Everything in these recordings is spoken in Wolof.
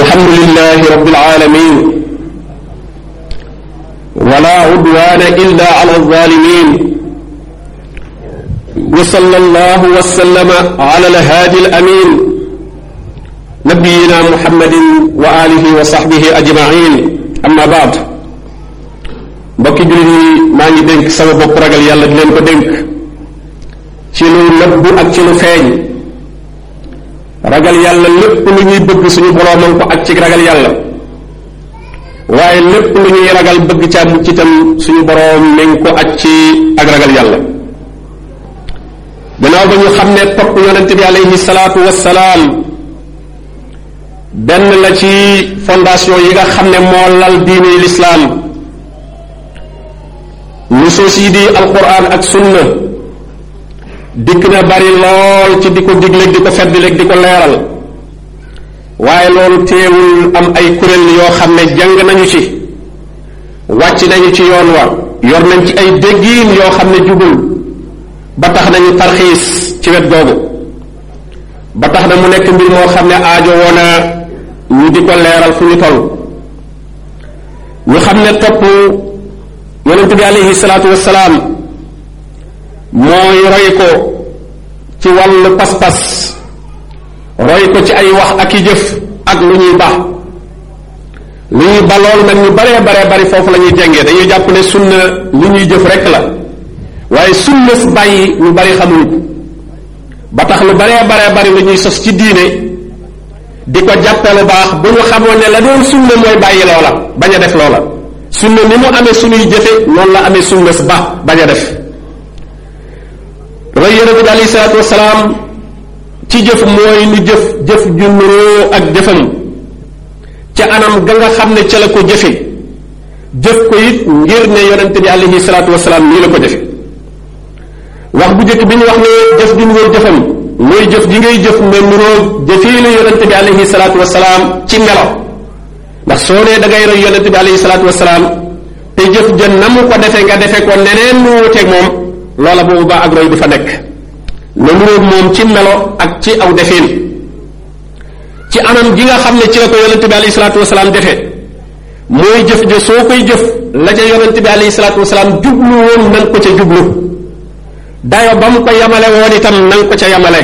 alhamdulilahi rabbil alamin wala udwana illa ala zalimin wa sallallahu wa sallama ala alhaadi alamin nabiyina muhammadin wa alihi wa sahbihi ajmain amma baad mbokki jullit yi maa ngi dénk sama bopp ragal yàlla di leen ko dénk ci lu nëbbu ak ci lu feeñ ragal yàlla lépp lu ñuy bëgg suñu boroomal ko ak ci ragal yàlla waaye lépp lu ñuy ragal bëgg caa mucc itam suñu boroom mi ngi ko ak ci ak ragal yàlla gannaaw ba ñu xam ne topp yonente bi alayhi salaatu wassalaam benn la ci fondation yi nga xam ne moo lal diine lislaam nusuus yi di alquran ak sunna dikk na bari lool ci di ko digleeg di ko feddileeg di ko leeral waaye loolu teewul am ay kuréel yoo xam ne jàng nañu ci wàcc nañu ci yoon wa yor nañ ci ay déggiin yoo xam ne jubul ba tax nañu tarxiis ci wet googu ba tax na mu nekk mbir moo xam ne aajo woona ñu di ko leeral fu ñu toll ñu xam ne topp yonente bi alayhi salaatu wassalaam mooy roy ko ci wàll pas-pas roy ko ci ay wax ak i jëf ak lu ñuy baax li ñuy ba loolu nag ñu baree baree bari foofu la ñuy jengee dañuy jàpp ne sunna lu ñuy jëf rek la waaye sunna bàyyi ñu bari xamuñu ba tax lu baree baree bari lu ñuy sos ci diine di ko jàppee lu baax bu ñu xamoon ne la doon sunna mooy bàyyi loola bañ a def loola sunna ni mu amee suñuy jëfe noonu la amee sunna si baax bañ a def yonente bi alayhi salaatu wasalaam ci jëf mooy nu jëf jëf ju nuroo ak jëfam ca anam ga nga xam ne ca la ko jëfe jëf ko it ngir ne yonente bi alayhi salaatu wasalaam nii la ko jëfe wax bu njëkk bi ñu wax ne jëf ju nuroo jëfam mooy jëf ji ngay jëf nga nuroo jëfee la yonente bi alayhi salaatu wasalaam ci ngelaw ndax soo nee da ngay roy yonente bi alayhi salaatu wasalaam te jëf jën na mu ko defe nga defe ko neneen mu wuteeg moom loola boobu baax ak roy du fa nekk la nuróog moom ci melo ak ci aw defeen ci anam gi nga xam ne ci la ko yonente bi alayhi salaatu wasalaam defee mooy jëf ja soo koy jëf la ca yonente bi alayhi salaatu wasalaam jublu woon na ko ca jublu dayo ba mu ko yamale woon itam na nga ko ca yamale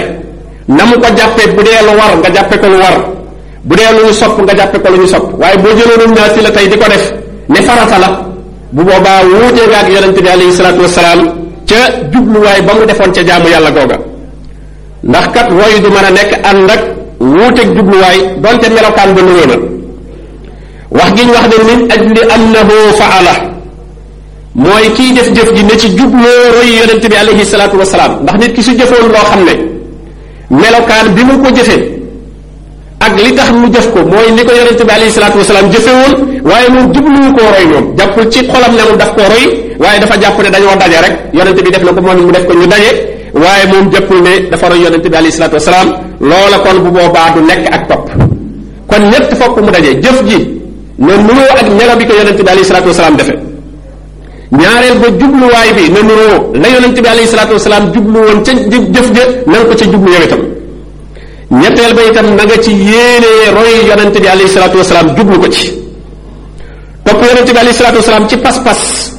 na mu ko jàppee bu dee lu war nga jàppe ko lu war bu dee lu ñu sopp nga jàppe ko lu ñu sopp waaye boo jëloonum naa si la tey di ko def ne farata la bu boobaa wuutee nga ak yonente bi alayhi salaatu wasalaam ca jubluwaay ba mu defoon ca jaamu yàlla googa ndax kat royu du mën a nekk ànd ak wuuteeg jubluwaay donte melokaan ba nuroo na wax gi ñu wax ne min ajli annahu faala mooy kiy def jëf ji ne ci jubloo royu yonent bi alayhi salaatu wasalaam ndax nit ki su jëfoon loo xam ne melokaan bi mu ko jëfee ak li tax mu jëf ko mooy ni ko yonent bi alayhi salaatu wasalaam jëfewoon waaye moom jubluwu koo roy moom jàppul ci xolam ne mu daf koo roy waaye dafa jàpp ne dañoo daje rek yonente bi def na ko moom mu def ko ñu daje waaye moom jëppul ne dafa roy yonente bi alayhi salatu wasalaam loola bu boobaa du nekk ak topp kon ñett fokk mu daje jëf ji ne nuroo ak bi ko yonente bi alayhi salatu wasalaam defe ñaareel jubluwaay bi ne nuroo la yonente bi alayhi salatu wasalaam jublu woon ca jëf ja na nga ko ca jublu yow itam na nga ci yéenee roy yonente bi alayhi salatu wasalaam jublu ko ci topp yonente ci pas-pas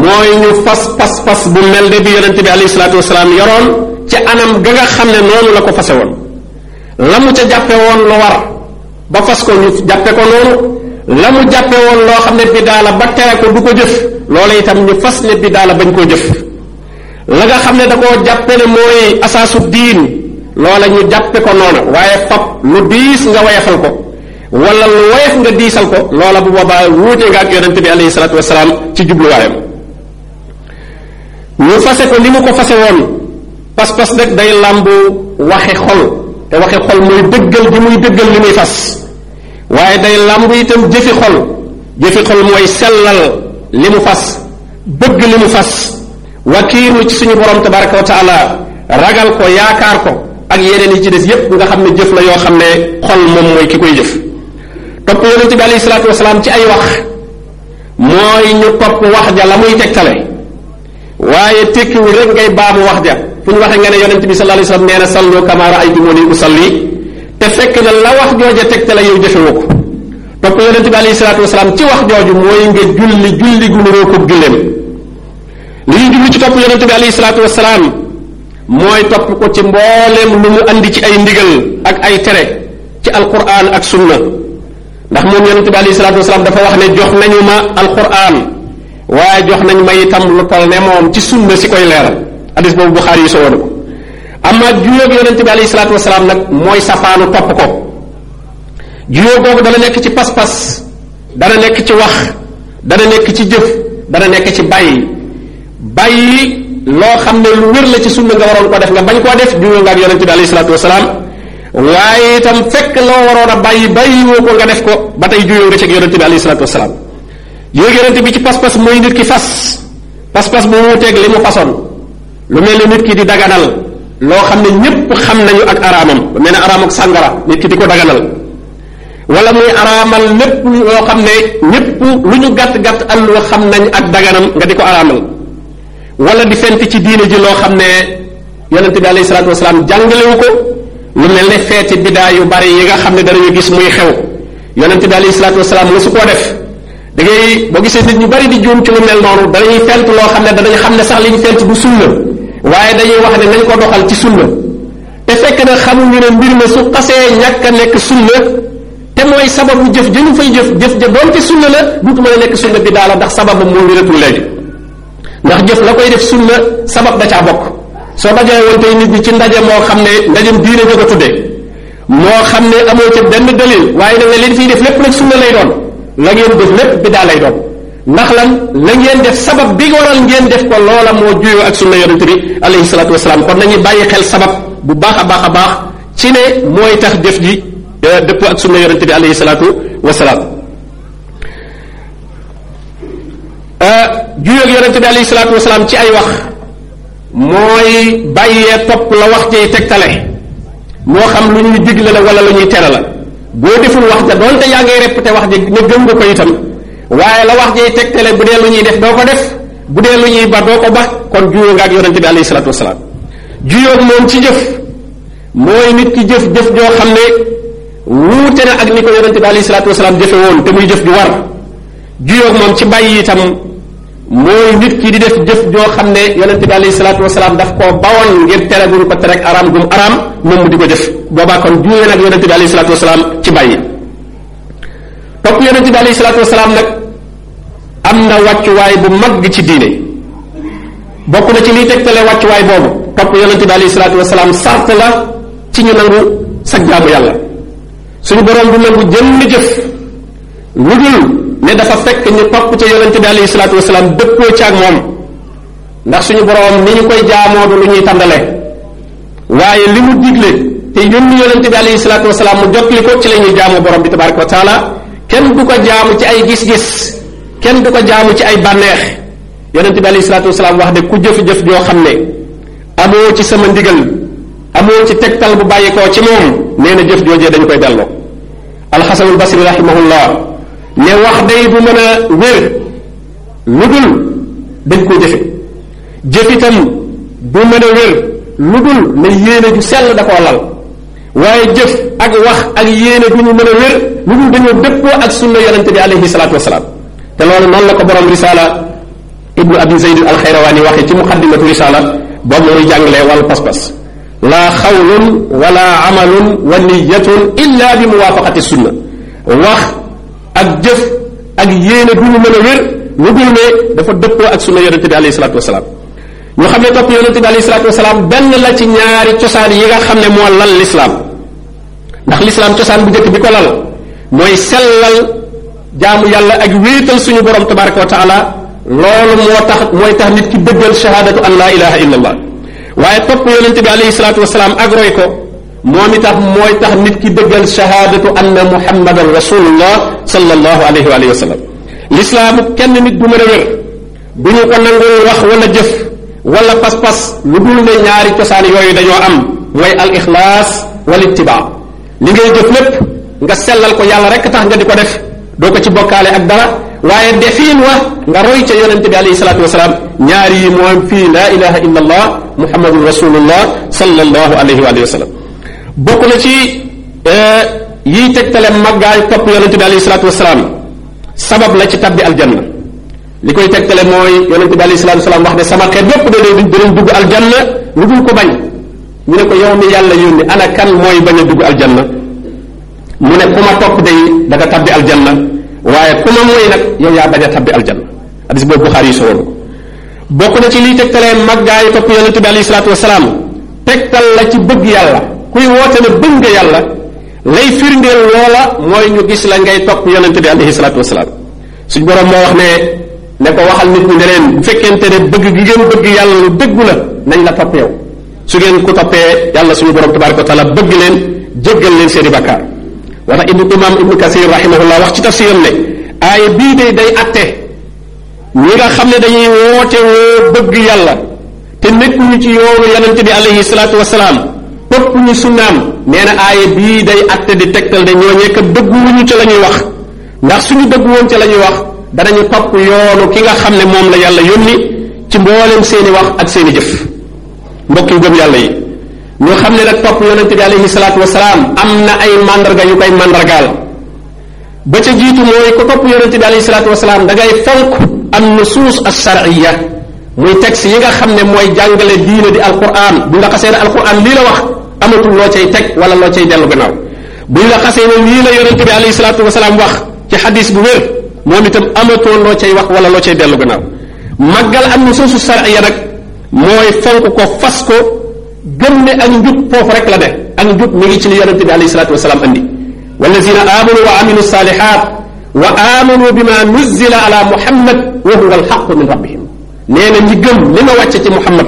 mooy ñu fas pas pas bu mel ne bi yonente bi alayhi salaatu wasalaam yoroon ci anam ga nga xam ne noonu la ko fase woon la mu ca jàppe woon lu war ba fas ko ñu jàppe ko noonu la mu jàppe loo xam ne bidaa la ba tere ko ko jëf loola itam ñu fas ne bidaa la bañ koo jëf la nga xam ne da koo jàppe ne mooy asaasu diin loola ñu jàppe ko noona waaye fab lu diis nga wayafal ko wala lu woyof nga diisal ko loola bu boobaa wuute nga ak yonente bi alayhi salaatu wasalaam ci jubluwaayam ñu fase ko li mu ko fase woon pas-pas nag day làmbu waxe xol te waxe xol mooy dëggal bi muy dëggal li muy fas waaye day làmbu itam jëfi xol jëfi xol mooy sellal li mu fas bëgg li mu fas wakiiru ci suñu borom tabaraka wa ragal ko yaakaar ko ak yeneen yi ci des yépp nga xam ne jëf la yoo xam ne xol moom mooy ki koy jëf topp yonent bi alayhi salaatu wasalaam ci ay wax mooy ñu topp wax ja la muy tegtale waaye tekkiwul rek ngay baamu wax ja fu ñu waxee nga ne yonent bi sallallahu alayhi wasallam nee na sallu kama ra'aytumuni usalli te fekk na la wax jooja tegtale yow jëfewu ko topp yonent bi alayhi salaatu wasalaam ci wax jooju mooy nga julli julli gu nuroo ko julleem li ñu julli ci yonent bi alayhi salaatu wasalaam mooy topp ko ci mbooleem lu mu indi ci ay ndigal ak ay tere ci alquran ak sunna ndax moom yonent bi alayhi salaatu wasalaam dafa wax ne jox nañu ma alquran waaye jox nañ may itam lu toll ne moom ci sunna si koy leeral hadis boobu Buxaari yi sowona ko amma juyóog yonente bi alayhi salaatu wasalaam nag mooy safaanu topp ko juyóo googu dana nekk ci pas dana nekk ci wax dana nekk ci jëf dana nekk ci bàyyi bàyyi loo xam ne lu wér la ci sunna nga waroon ko def nga bañ koo def juyóo nga ak yonente bi alayhi salaatu wasalaam waaye itam fekk loo waroon a bàyyi bàyyi woo ko nga def ko ba tey juyóo nga ci ak yonente bi alayhi salaatu wasalaam yéeg yonente bi ci pas-pas mooy nit ki fas pas-pas bu wuuteeg li mu fasoon lu mel ne nit ki di daganal loo xam ne ñépp xam nañu ak araamam lu mel ne araam ak sàngara di ko daganal wala muy araamal lépp loo xam ne ñépp lu ñu gàtt-gàtt am loo xam nañ ak daganam nga di ko araamal wala di fent ci diine ji loo xam ne yonente bi alayhi salaatu wasalaam jàngalewu ko lu mel ne feeti biddaa yu bari yi nga xam ne danañu gis muy xew yonente bi alayhi salaatu wasalaam su koo def da ngay boo gisee nit ñu bari di juum ci lu mel noonu danañuy fent loo xam ne danañ xam ne sax li ñu fent du sunna waaye dañuy wax ne nañ ko doxal ci sunna te fekk na xamuñu ne mbir ma su xasee ñàkk a nekk sunna te mooy sababu jëf jënu fay jëf jëf ja doonte sunna la duutu mën a nekk sunna bi daala ndax sababu moo wératul léegi ndax jëf la koy def sunna sabab da caa bokk soo dajee woon tey nit ñi ci ndaje moo xam ne ndajem diine nga ko tuddee moo xam ne amoo ca benn dalil waaye nag ne leen fiy def lépp nag sunna lay doon la ngeen def lépp bidaa lay doon ndax lan la ngeen def sabab bi waral ngeen def ko loola moo juyoo ak sunna yonent bi alayhi salaatu wasalaam kon nañuy bàyyi xel sabab bu baax a baax a baax ci mooy tax def ji euh, dëpp ak sunna yonent bi alayhi salaatu wasalaam euh, juyoo ak ci ay wax mooy bàyyee topp la wax jiy tegtale moo xam lu ñuy digle la wala lu ñuy la boo deful wax ja doonte yaa ngay répété wax ja ne gëm nga ko itam waaye la wax teg tegtale bu dee lu ñuy def doo ko def bu dee lu ñuy ba doo ko ba kon juyoo nga ak yonente bi alayhi salatu wasalaam juyoog moom ci jëf mooy nit ki jëf jëf joo xam ne wuute na ak ni ko yonente bi alayhi salatu wasalaam jëfe woon te muy jëf ju war juyoog moom ci bàyyi itam mooy nit ki di def jëf joo xam ne yonente bi alayhi salaatu wasalaam daf ko bawoon ngir tere gu ñu ko tereg araam gum araam moom mu di ko jëf boobaa kon juuyee nag yonente bi alayhi salaatu wasalaam ci bàyyi topp yonente bi alayhi salaatu wasalaam nag am na wàccuwaay bu mag ci diine bokk na ci liy tegtale wàccuwaay boobu topp yonente bi alayhi salaatu wasalaam sart la ci ñu nangu sag jaamu yàlla suñu boroom du nangu jëmm jëf lu ne dafa fekk ñu topp ca yonente bi alayhi salaatu wasalaam dëppoo ci ak moom ndax suñu borom ni ñu koy jaamoo du lu ñuy tàndale waaye li mu digle te yónni yonente bi alayhi salaatu salaam mu jotli ko ci la ñuy jaamoo borom bi tabaraka wa taala kenn du ko jaamu ci ay gis-gis kenn du ko jaamu ci ay bànneex yonente bi alayhi salaatu wasalaam wax ne ku jëf-jëf joo xam ne amoo ci sama ndigal amoo ci tegtal bu koo ci moom nee na jëf joojee dañu koy delloo alxasanul basri rahimahullah ne wax day du mën a wér lu dul dañ ko jëfe jëf itam du mën a wér lu dul na yéene ju sell da koo lal waaye jëf ak wax ak yéene ju ñu mën a wér lu dul dañoo dëppoo ak sunna yonente bi alayhi salaatu wasalaam te loolu noonu la ko borom risaala ibnu abi zayd alxayrawaani waxee ci muqaddimatu risaala boobu muy jàngalee wàllu pas-pas laa xawlun wala amalun wa niyatun illa bi muwaafaqati sunna wax ak jëf ak yéene du ñu mën a wér lu dul ne dafa dëppoo ak sunna yonente bi alayhi salaatu wasalaam ñu xam ne topp yonente bi alayhi salaatu wasalaam cosaan yi nga xam ne moo lal lislaam ndax cosaan bi ko lal yàlla ak wéetal suñu borom tabaraka wa loolu moo tax mooy tax nit ki dëggal shahaadatu an laa ilaha illa allah waaye topp yonente bi alayhi salaatu wasalaam ak roy ko moom itam mooy tax nit ki dëggal shahaadatu anna muhammadan rasulullah sallallahu alayhi wa alihi wa sallam lislaamu kenn nit bu mën a wér bu ñu ko nangul wax wala jëf wala pas-pas lu dul ne ñaari cosaan yooyu dañoo am mooy al ixlaas wal ittibaa li ngay jëf lépp nga sellal ko yàlla rek tax nga di ko def doo ko ci bokkaale ak dara waaye defiin wa nga roy ca yonente bi alayhi salaatu wasalaam ñaari yi moo fii laa ilaha illa allah muhammadun rasulullah sallallahu alayhi wa alihi wa sallam bokk na ci eh, yiy tegtale màggaay topp yonente bi alayhi salaatu wasalaam sabab la ci tabbi aljanna li koy tegtale mooy yonente bi alayhi salaatu wasalaam wax ne sama xeet yépp danañ danañ dugg aljanna lu dul ko bañ ñu ne ko yow mi yàlla yónni ana kan mooy bañ a dugg aljanna mu ne ku ma topp day da nga tabbi aljanna waaye ku ma mooy nag yow yaa bañ a tabbi aljanna hadis boobu Buxaari yi soloon ko bokk na ci liy tegtalee màggaay topp yonente bi alayhi salaatu wasalaam tegtal la ci bëgg yàlla kuy woote ne bëgg nga yàlla lay firndeel loola mooy ñu gis la ngay topp yonente bi alayhi salaatu wasalaam suñ borom moo wax ne ne ko waxal nit ñi ne leen bu fekkente ne bëgg gi ngeen bëgg yàlla lu dëggu la nañ la topp yow su ngeen ku toppee yàlla suñu borom tabaraka wa taala bëgg leen jéggal leen seeni bakkaar moo tax ibnu imam ibnu kasir rahimahullah wax ci tafsiram ne aaya bii de day atte ñi nga xam ne dañuy woote bëgg yàlla te nekk ñu ci yoonu yonente bi alayhi salaatu wasalaam topp ñu sunnaam nee na aaya bii day atte di tegtal de ñooñee kat dëgguwuñu ca la ñuy wax ndax suñu dëgg woon ci la ñuy wax danañu topp yoonu ki nga xam ne moom la yàlla yónni ci mboolem seeni wax ak seeni jëf mbokk yu gëm yàlla yi ñu xam ne nag topp yonente bi alayhi salaatu wasalaam am na ay mandarga yu koy mandargaal ba ca jiitu mooy ko topp yonente bi alayhi salaatu wasalaam da ngay fonk am nusuus as-shar'iyya muy texte yi nga xam ne mooy jàngale diine di alquran bu nga wax amatul loo cay teg wala loo cay dellu gannaaw buñ la xasee ne lii la yonent bi alayhi salaatu wasalaam wax ci xadis bu wér moom itam amatoo loo cay wax wala loo cay dellu gannaaw màggal am na suusu sariya nag mooy fonk ko fas ko gëm ne ak njub foofu rek la de ak njub mi ngi ci li yonent bi alayhi salaatu wasalaam andi wallazina amanu wa amilu salihat wa amanu bima nuzila ala muhammad wa huwa alxaqu min rabbihim nee na ñi gëm li nga wàcce ci muhammad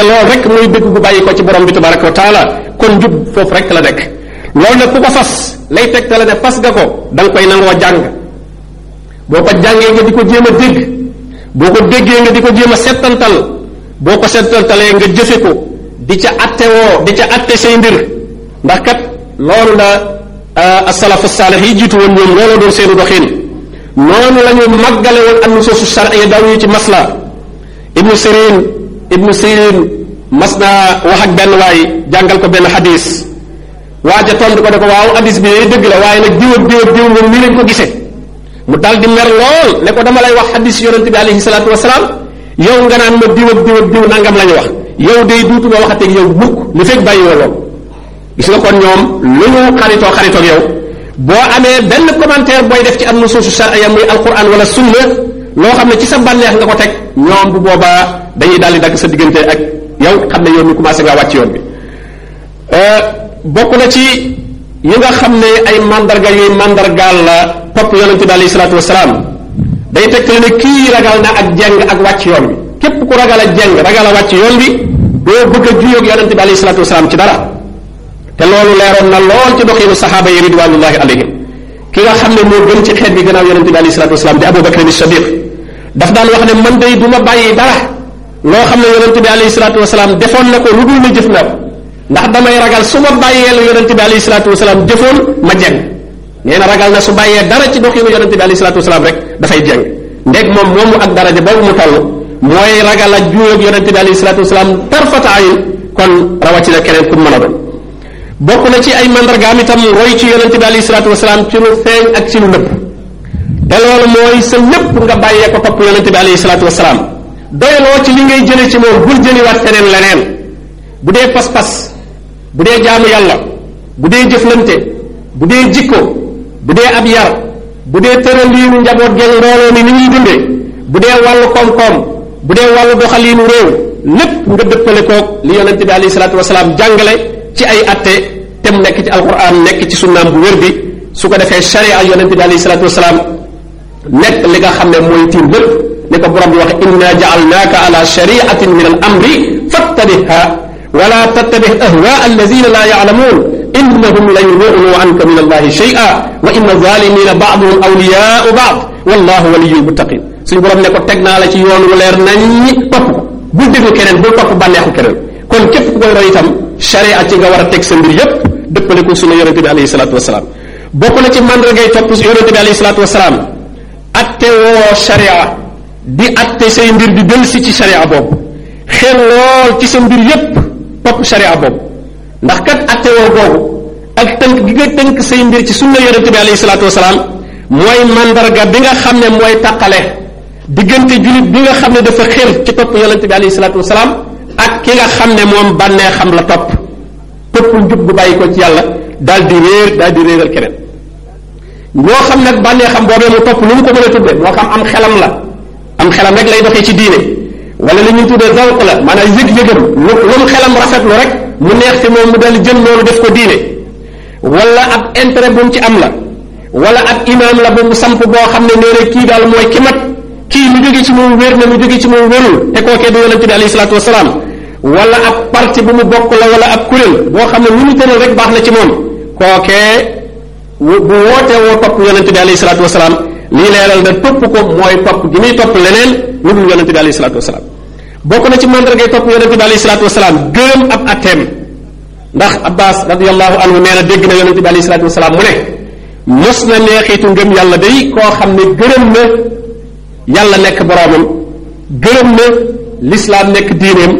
te loolu rek muy dëgg gu bàyyi ko ci borom bi tabaraka wa taala kon njub foofu rek la nekk loolu nag ku ko fas lay teg te la ne fas nga ko da nga koy nangoo jàng boo ko jàngee nga di ko jéem a dégg boo ko déggee nga di ko jéem a settantal boo ko settantalee nga jëfe ko di ca atte woo di ca atte say mbir ndax kat loolu la euh, asalafu saalih yi jiitu woon ñoom looloo doon seenu doxin noonu la ñu màggale woon an nusuusu daw ñu ci masla ibnu sirin ibnu sirin mas na wax ak benn waay jàngal ko benn xadis waaja tontu ko ne ko waaw xadis bi yooyu dëgg la waaye nag diw ak diw ak diw ko gisee mu dal di mer lool ne dama lay wax xadis yonente bi alayhi salaatu wasalaam yow nga naan ma diw ak diw ak diw nangam la ñu wax yow day duutuma waxateeg yow mukk li fekk bàyyi lool gis nga kon ñoom lu ñu xaritoo xaritoog yow boo amee benn commentaire booy def ci am na suusu charia muy alquran wala sunna loo xam ne ci sa bànneex nga ko teg ñoom bu boobaa dañuy daal di dagg sa diggante ak yow xam ne yoon mi commencé ngaa wàcc yoon bi euh, bokk na ci yi nga xam ne ay mandarga yuy mandargaal la topp yonente bi alayhi salaatu wasalaam day te tegtale ne kii ragal na ak jeng ak wàcc yoon bi képp ku ragal a jeng ragal a wàcc yoon bi doo bëgg a juyoog yonente bi alayhi salaatu wasalaam ci dara te loolu leeroon na lool ci doxinu saxaaba yi ridwanullahi alayhim ki nga xam ne moo gën ci xeet bi gannaaw yonente bi alayhi salaatu wasalaam daf daan wax ne man dey du ma bàyyi dara loo xam ne yonent bi alayhi salaatu wasalaam defoon na ko lu dul na jëf na ko ndax damay ragal su ma bàyyee la yonent bi alayhi salaatu wasalaam ma jeng nee na na su bàyyee dara ci doxinu yonent bi alayhi salaatu wasalaam rek dafay jeng ndeg moom moomu ak daraja boobu mu toll mooy ragal ak juuyóog yonent bi alayhi salaatu wasalaam tarfata ayin kon rawatina keneen ku man a doon bokk na ci ay mandargaam itam roy ci yonent bi alayhi salaatu wasalaam ci lu feeñ ak ci lu nëbb te loolu mooy sa lépp nga bàyyee ko topp yonente bi alayhi salaatu doyloo ci li ngay jële ci moom bul jëliwaat feneen leneen bu dee pas-pas bu dee jaamu yàlla bu dee jëflante bu dee jikko bu dee ab yar bu dee tëraliinu njaboot geeg mbooloo ni ñuy dundee bu dee wàllu koom-koom bu dee wàllu doxaliinu réew lépp nga dëppale koog li yonente bi alayhi salaatu wasalaam jàngale ci ay atte tem nekk ci alquran nekk ci sunnaam bu wér bi su ko defee charia yonente bi alayhi salaatu wasalaam nekk li nga xam ne mooy tiim bëpp ni ko borom bi wax inna jaalnaaka ala shariatin min al amri fattabiha wala tattabih ahwa alladina la yaalamuun innahum la yuwiru anka min allahi shay'a wa inna zalimina baaduhum awliyaau baad wallahu waliyul muttaqin suñu borom ne ko teg naa la ci yoon wu leer nañ topp ko bul déglu keneen bul topp bànneexu keneen kon képp ku koy roy itam sharia ci nga war a teg sa mbir yépp dëppale ko sunu yonente bi alayhi salatu wasalaam bokk na ci mandargay topp yonente bi alayhi salatu wasalaam atte woo sharia di atte say mbir di delsi ci sharia boobu xel lool ci sa mbir yépp topp sharia boobu ndax kat atte woo boobu ak tënk gi nga tënk say mbir ci sunna yonent bi alayhi salaatu wasalaam mooy mandarga bi nga xam ne mooy taqale diggante jullit bi nga xam ne dafa xel ci topp yonent bi alayhi salaatu wasalaam ak ki nga xam ne moom bànneexam la topp topp njub gu bàyyi ko ci yàlla daal di réer daal di réeral keneen moo xam ne nag bànnee xam boobee mu topp lu mu ko mën a tudde moo xam am xelam la am xelam rek lay doxee ci diine wala li ñu tuddee zawq la maanaam yëg-yëgam lu lu mu xelam rafetlu rek mu neex ci moom mu dal jël loolu def ko diine wala ab intérêt bu mu ci am la wala ab imaam la bu mu samp boo xam ne nee kii daal mooy ki mat kii lu jóge ci moom wér na lu jóge ci moom wérul te kookee du yonente bi alayhi salaatu wasalaam wala ab parti bu mu bokk la wala ab kuréel boo xam ne mu tëral rek baax na ci moom kookee bu wootee woo topp yonente bi alayhi salaatu wasalaam lii leeral na topp ko mooy topp gi muy topp leneen lu dul yonente bi alayhi salaatu wasalaam bokk na ci mandargay topp yonente bi alayhi salaatu wasalaam gërëm ab atteem ndax abbas radiallahu anhu nee na dégg na yonente bi alayhi salaatu wasalaam mu ne mos na neexitu ngëm yàlla day koo xam ne gërëm na yàlla nekk boroomam gërëm na lislaam nekk diineem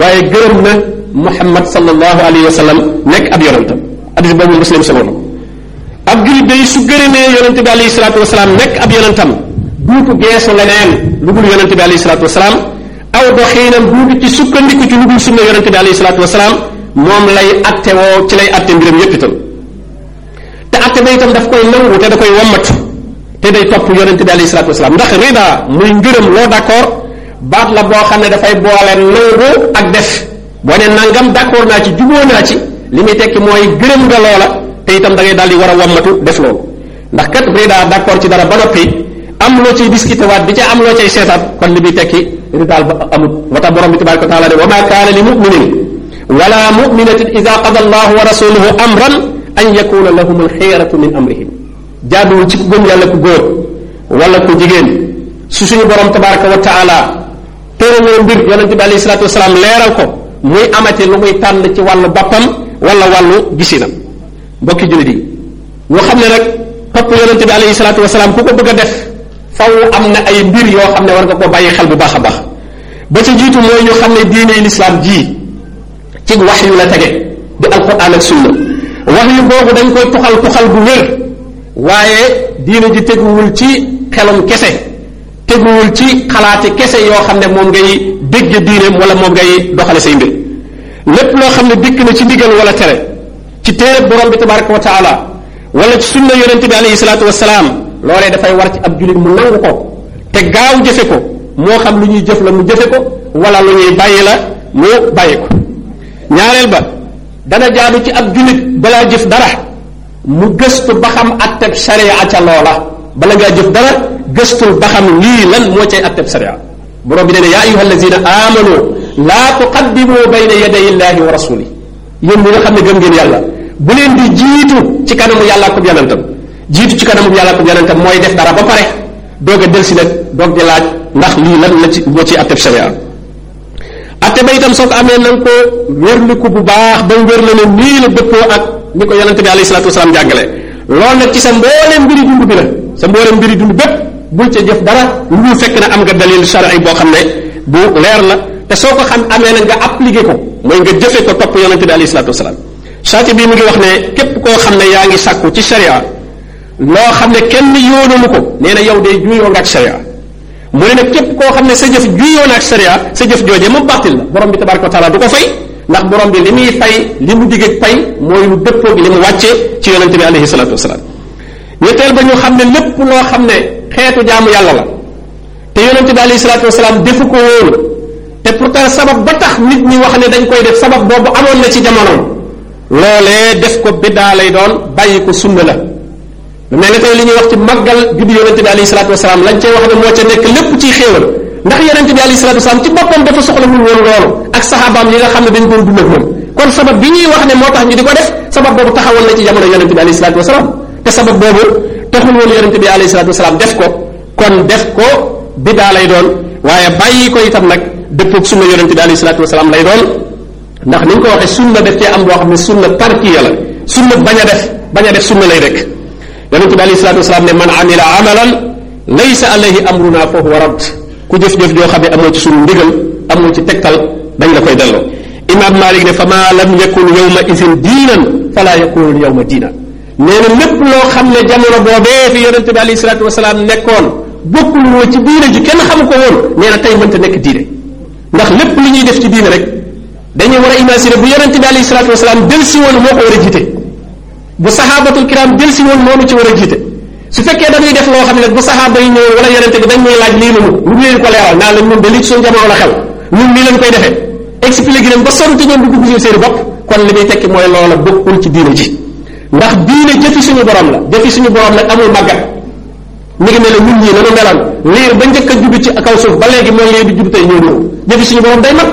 waaye gërëm na muhammad sallallahu alayhi wa sallam nekk ab yonentam hadis boobu muslim solo ab jullit day su gërëmee yonente bi alayhi salaatu wasalaam nekk ab yonentam duutu geesu leneen lu dul yonente bi alayhi salaatu wasalaam aw doxiinam duutu ci sukkandiku ci lu dul sunna yonente bi alayhi salaatu wasalaam moom lay atte woo ci lay atte mbiram yépp itam te atte ba itam daf koy nangu te da koy wammatu te day topp yonente bi alayhi salaatu wasalaam ndax rida muy ngërëm loo d'accord baat la boo xam ne dafay boole nangu ak def boo ne nangam d'accord naa ci juboo naa ci li muy tekki mooy gërëm nga loola te itam da ngay daal di war a wammatu def loolu ndax kat ridaa d'accord ci dara ba noppi am loo ciy discuté waat bi ca am loo cay seetaat kon li muy tekki ridaal ba amut moo tax borom bi tabaraka wa taala ne wa maa kaana li muminin wala muminatin ida qada allahu wa rasuluhu amran an yakuna lahum alxiyaratu min ci ku gëm ku góor wala ku jigéen su suñu borom tabaraka wa taala tëraloo mbir yonente bi alayhi salatu wasalaam leeral ko muy amati lu muy tànn ci wàllu boppam wala wàllu gisinam mbokki jullit yi ñu xam ne nag topp yonente bi alayhi salaatu wasalaam ku ko bëgg def faw am na ay mbir yoo xam ne war nga ko bàyyi xel bu baax a baax ba ca jiitu mooy ñu xam ne diine lislaam ji ci wax yu la tege di alquran ak sunna wax yu boobu dañ koy tuxal tuxal bu wér waaye diine ji teguwul ci xelum kese teguwul ci xalaati kese yoo xam ne moom ngay dégg diineem wala moom ngay doxale say mbir lépp loo xam ne dikk na ci ndigal wala tere ci téereb borom bi tabaraka wa taala wala ci sunna yonent bi alayhi salaatu wasalaam loolee dafay war ci ab jullit mu nangu ko te gaaw jëfe ko moo xam lu ñuy jëf la mu jëfe ko wala lu ñuy bàyyi la mu bàyyi ko ñaareel ba dana jaanu ci ab jullit balaa jëf dara mu gëstu ba xam atteb sharia ca loola bala ngaa jëf dara gëstul ba xam lii lan moo cay atteb sharia borom bi nee ne yaa ayuha allazina amanu laa tuqaddimu bayna yaday illahi wa rasuli yéen ñi nga xam ne gëm ngeen yàlla bu leen di jiitu ci kanamu yàlla ak yonentam jiitu ci kanamu yàlla ak yonentam mooy def dara ba pare doog a delsi nag doog di laaj ndax lii lan la ci moo ci atteb sharia atte ba itam soo ko amee na nga ko bu baax ba wér la ne nii la dëppoo ak ni ko yonente bi alayhi salatu wasalaam jàngale loolu ci sa mbooleem mbiri dund bi la sa mbooleem mbiri dund bépp bul ca jëf dara lu fekk na am nga dalil shar'i boo xam ne bu leer la te soo ko xam amee nag nga appliqué ko mooy nga jëfe ko topp yonente bi alayhi salatu wasalaam sàcc bi mu ngi wax ne képp koo xam ne yaa ngi sàkku ci sharia loo xam ne kenn yoonalu ko nee na yow de juyoo nga ak sharia mu ne na képp koo xam ne sa jëf juyoo na ak sharia sa jëf jooje moom baatil la borom bi tabaraka wa taala du ko fay ndax borom bi li muy fay li mu digg fay mooy lu dëppoo gi li mu wàccee ci yonente bi alayhi salatu wasalaam ñetteel ba ñu xam ne lépp loo xam ne xeetu jaamu yàlla la te yonente bi alayhi salatu wasalaam defu ko wóolu te pourtant ba tax nit ñi wax ne dañ koy def sabab boobu amoon na ci jamonoom loolee def ko biddaa lay doon bàyyi ko sunna la lu mel ne tey li ñuy wax ci màggal juddu yonente bi alayhi salatu wasalaam lañ cee wax ne moo ca nekk lépp ciy xéewal ndax yonente bi alayhi salatu wasalaam ci boppam dafa soxla wul woon loolu ak saxaabaam yi nga xam ne dañ doon dund ak moom kon sabab bi ñuy wax ne moo tax ñu di ko def sabab boobu taxawal na ci jamono yonente bi alayhi salatu wasalaam te sabab boobu taxul woon yonente bi alayhi wasalaam def ko kon def ko biddaa lay doon waaye bàyyi ko itam nag dëppoog sunna yonente bi alayhi salatu wasalaam lay doon ndax ni ñu ko waxee sunna def cee am loo xam ne sunna tarkiya la sunna bañ a def bañ a def sunna lay rek yonente bi alayhi salatu wasalaam ne man amila amalan laysa alayhi amruna fa huwa rad ku jëf-jëf joo xam ne amoo ci sunu ndigal amoo ci tegtal dañ la koy delloo imam malik ne fa ma lam yakun yawma isin diinan fala yakunu yawma diinan nee na lépp loo xam ne jamono boobee fi yonente bi alayhi salatu wasalaam nekkoon bokkul woo ci diine ji kenn xamu ko woon nee na tey mënta nekk diine ndax lépp lu ñuy def ci diine rek dañuy war a imaginer bu yonente bi alayhi salaatu wasalaam del si woon moo ko war a jiite bu saxaabatul kiram del si woon moonu ci war a jiite su fekkee dañuy def loo xam ne bu saxaaba yi ñëw wala bi dañ ñuy laaj lii lu mu lu leen ko leeral naa leen ñun de lii ci suñu jamono la xew ñun kon li muy tekki mooy loola bokkul ci diine ji ndax diine jëfi suñu borom la jëfi suñu borom nag amul màggat mi ngi mel ne ñun ñii nanu meloon liir ba njëkk a ci kaw ba léegi mooy liir bi judd tey ñëw ñëw jëfi suñu borom day mat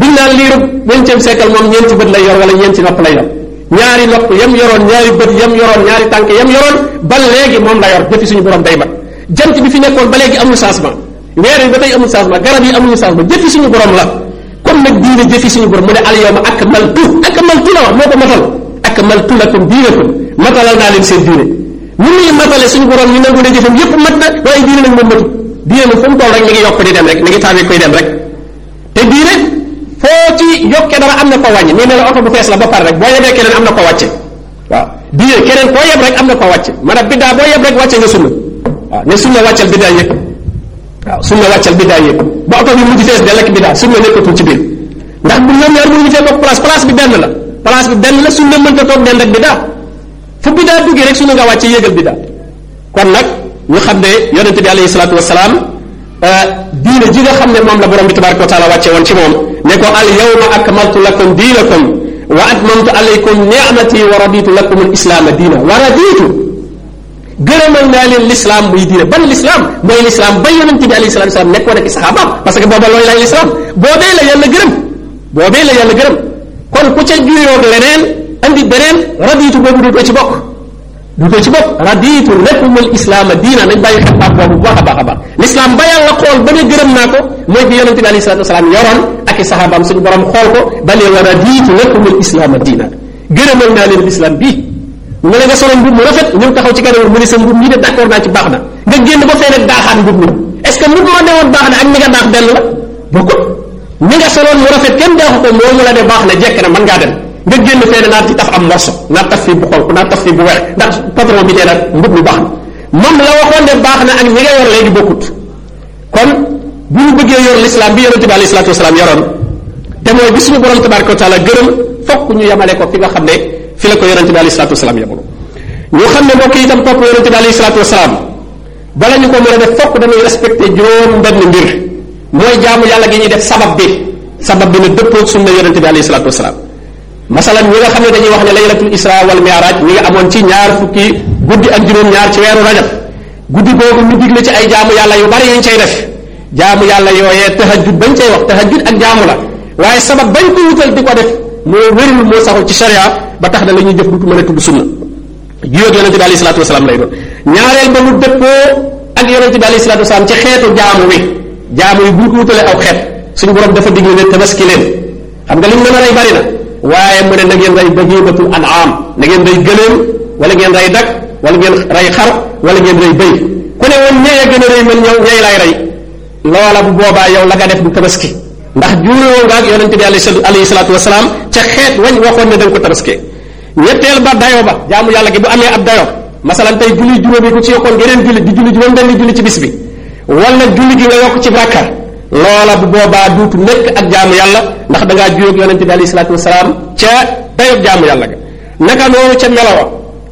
bu naan liirub vingtième siècle moom ñeenti bët lay yor wala ñeenti nopp lay yor ñaari nopp yam yoroon ñaari bët yam yoroon ñaari tànk yam yoroon ba léegi moom la yor jëfi suñu borom day mat jant bi fi nekkoon ba léegi amul changement weer yi ba tey amul changement garab yi amul changement jëfi suñu borom la comme nag diine jëfi suñu borom la wax moo ko matal akmaltu naa leen seen diine ni muy matale suñu borom ñu na waaye diine nag moom fu mu toll rek mi ngi yokk di dem rek mi ngi taabi koy dem rek te diine ci yokkee dara am na ko wàññi nii ne la oto bu fees la ba pare rek boo yebee keneen am na ko wàcce waaw biee keneen koo yeb rek am na ko wàcce maanaam biddaa boo yeb rek wàcce nga sunna waaw biddaa bi mujj fees dell ak biddaa sunna nekkatul ci biir ndax bi benn la place bi benn la sunna mënta toog dend ak biddaa fu biddaa duggee rek sunna nga wàcce yéegal biddaa kon nag ñu xam ne yonente bi alayhi salaatu wasalaam Euh, diine ji nga xam ne moom la borom bi tabaraka wa taala wàcce woon ci moom ne ko al yawma akmaltu lakum diinakum wa atmamtu alaykum ni'mati wa raditu lakum al islaama diina wa raditu gërëmal naa leen l'islam buy diine ban l'islam mooy l'islam ba yonente bi alayhi salatu wasalam nekkoon ak i saxaabaam parce que booba looy laay l'islam boobee la yàlla gërëm boobee la yàlla gërëm kon ku ca juyoog leneen andi beneen raditu boobu du doo ci bokk dugal ci bopp raditu lakumul a diina nañ bàyyi xel baat boobu bu baax a a baax l'islam ba yàlla xool ba ne gërëm naa ko mooy bi yonente bi alayhi salatu wasalaam yoroon ak i saxaabaam suñu borom xool ko ba ne wa raditu lakumul islaama diina gërëmal naa leen l'islam bii mu ne nga solo mbub mu rafet ñëw taxaw ci kanam mu ne sa mbub mii de d'accord naa ci baax na nga génn ba fee rek daaxaat mbub mi est-ce que mbub ne woon baax na ak ni nga daax benn de nga génn fee naa ci taf am morso naa taf fii bu xonk naa taf fii bu weex ndax patron bi nee na mbub lu baax na moom la waxoon ne baax na ak ñi nga yor léegi bokkut kon bu ñu bëggee yor l'islam bi yonente bi alayhi salatu wasalaam yoroon te mooy bi suñu borom tabaraka wa taala gërëm fokk ñu yemale ko fi nga xam ne fi la ko yonente bi alayhi salatu wasalaam yemalo ñu xam ne mbokk yi itam topp yonente bi alayhi salatu wasalaam bala ñu ko mën a def fokk dañuy respecté juróom benn yàlla gi ñuy def sabab bi sabab bi na dëppoo sunna yonente masalan ñi nga xam ne dañuy wax ne laylatul isra wal mi'raj mi ngi amoon ci ñaar fukki guddi ak juróom-ñaar ci weeru rajab guddi googu ñu digle ci ay jaamu yàlla yu bari yañ cay def jaamu yàlla yooyee tahajjud bañ cay wax tahajjud ak la waaye sabab bañ di ko def moo wérul moo saxul ci sharia ba tax na lañuy ñuy jëf du mën a tudd sunna jiyoog yonente bi alayhi salatu wasalaam lay doon ñaareel ba lu dëppoo ak yonente bi alayhi salatu wasalaam ci xeetu jaamu wi jaamu yi buñ ko wutalee aw xeet suñu borom dafa digle ne ki leen xam nga liñ mën a bari na waaye mu ne na ngeen rey bahimatul an'am na ngeen rey gëléem wala ngeen rey dag wala ngeen rey xar wala ngeen rey bëy ku ne woon ñee a rëy man ñëw bu boobaa yow la nga def du tabaski ndax juuyoo nga ak yonente bi alayhi salaatu wasalaam ca xeet wañ waxoon ne da nga ko tabaskee ñetteel ba dayoo ba jaamu yàlla gi bu amee ab dayo masalan tey julli juróom yi ku ci yokkoon geneen julli di julli juróom benn julli ci bis bi wala julli gi nga yokk ci bàkkaar loola bu boobaa duutu nekk ak jaamu yàlla ndax dangaa ngaa juyoog yonente bi alayhi salaatu wasalaam ca dayoog jaamu yàlla ga naka noonu ca melowa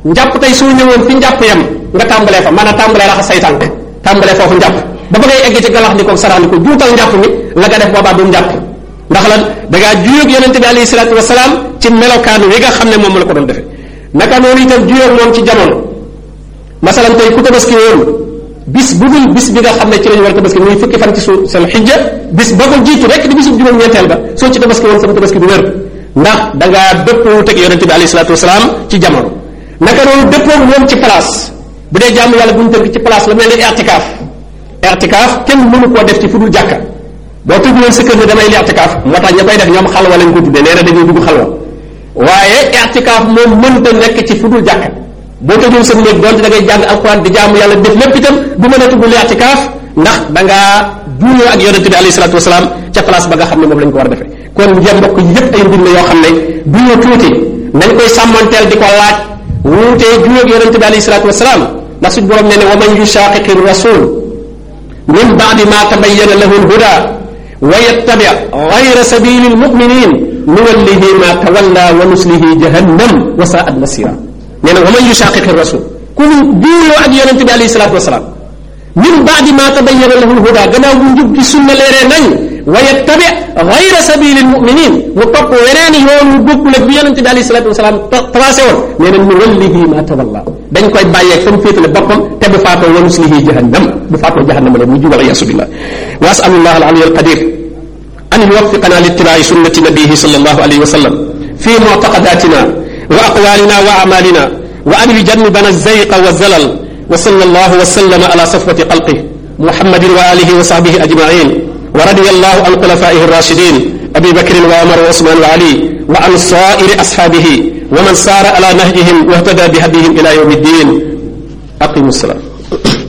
njàpp tey soo ñëwoon fi njàpp yem nga tàmbalee fa a tàmbalee raxas say tànk tàmbalee foofu njàpp ba ba ngay egg ci galax ndikoog sarax ndikoog juutal njàpp mi la nga def boobaa du njàpp ndax lan da ngaa juyoog yonente bi alayhi salaatu wasalaam ci melokaan wi nga xam ne moom ma la ko doon defee naka noonu itam juyoog moom ci jamono masalan bis bu dul bis bi nga xam ne ci lañu war a tabaski muy fukki fan ci suuf seen xijja bis ba ko jiitu rek di bisub juróom-ñeenteel ba soo ci tabaski woon sama tabaski du wér ndax da ngaa teg yonente bi alayhi salaatu wasalaam ci jamono naka noonu dëppoo moom ci place bu dee jaamu yàlla bu ñu tënk ci place la mel ni ertikaaf ertikaaf kenn mënu koo def ci fu dul jàkka boo tëj woon sa kër ne damay li ertikaaf moo tax ña koy def ñoom xalwa lañ ko tuddee nee na dañuy dugg xalwa waaye ertikaaf moom mënta nekk ci fu dul jàkka boo tëjul sa néeg doonte da ngay jàng alquran di jaamu yàlla def lépp itam du mën a tudd leer ci kaaf ndax da ngaa duñoo ak yonente bi alayhi salatu wasalaam ca place ba xam ne moom lañ ko war a defee kon yéen mbokk yi yépp ay mbir la yoo xam ne duñoo tuuti nañ koy sàmmanteel di ko laaj wuutee juñoog yonente bi alayhi salatu wasalaam ndax suñ borom nee ne wa man yushaqiqi rasul min baadi ma tabayyana lahu lhuda wa yattabi gayra sabili lmuminin nuwallihi nee na wa man yushaqiqi rasul ku juuyoo ak yonente bi alayhi salaatu wasalaam min baadi ma tabayyana lahu lhuda gannaaw bu njub gi sunna leeree nañ wa yattabi gayra sabili lmuminin mu topp weneen yoon wu bokkul ak bi yonente bi alayhi salaatu wasalaam tracé woon nee na nuwallihi ma tawalla dañ koy bàyyeeg fa mu féetale boppam te bu faatoo wa nuslihi jahannam bu faatoo jahannama la mu jub waliyasu billah wa asalullah alali alqadir an yuwaffiqana li ittibaai sunnati nabihi sallallahu alayhi wa sallam fi muctaqadatina wa aqwalina wa amalina wa an yujannibana zayqa wa zalal wa sallallahu wa sallama ala safwati xalqi muhammadin wa alihi wa sahbihi ajmain wa radiyallahu an xulafaihi arrashidin abi bakrin wa omar wa osman wa ali wa an sairi ashabihi wa man saara ala nahjihim wahtada bihadihim ila yawmi ddin aqimu salaam